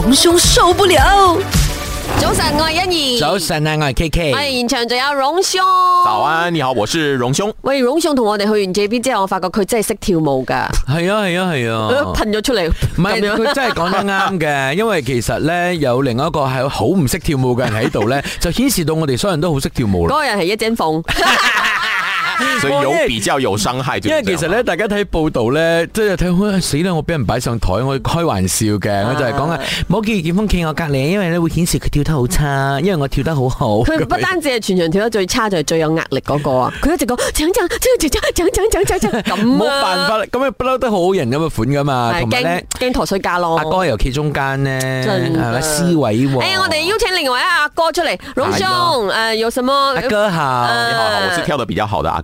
榮兄受不了，早晨我係欣宜，早晨我係 KK，現場仲有榮兄。早安，你好，我是榮兄。喂，榮兄同我哋去完這邊之後，我發覺佢真係識跳舞噶。係啊，係啊，係啊，噴咗出嚟。唔係，佢真係講得啱嘅，因為其實咧有另外一個係好唔識跳舞嘅人喺度咧，就顯示到我哋所有人都好識跳舞。嗰個人係一陣風。所以有比較有傷害因是是。因為其實咧，大家睇報道咧，即係睇好死啦！我俾人擺上台，我開玩笑嘅、啊，我就係講啊，唔好見劍鋒企我隔籬，因為咧會顯示佢跳得好差、嗯，因為我跳得好好。佢不單止係全場跳得最差，就係、是、最有壓力嗰、那個 他說啊！佢一直講，整整，整整，整整，整整，咁。冇辦法，咁啊不嬲都好好人咁嘅款噶嘛，同埋咧驚陀衰家咯。阿哥又企中間呢，係咪？司、啊啊欸、我哋邀請另外一阿、啊、哥出嚟，榮兄、哦啊，有什麼？阿、啊、哥好，你好，好，我是跳得比較好的、啊啊啊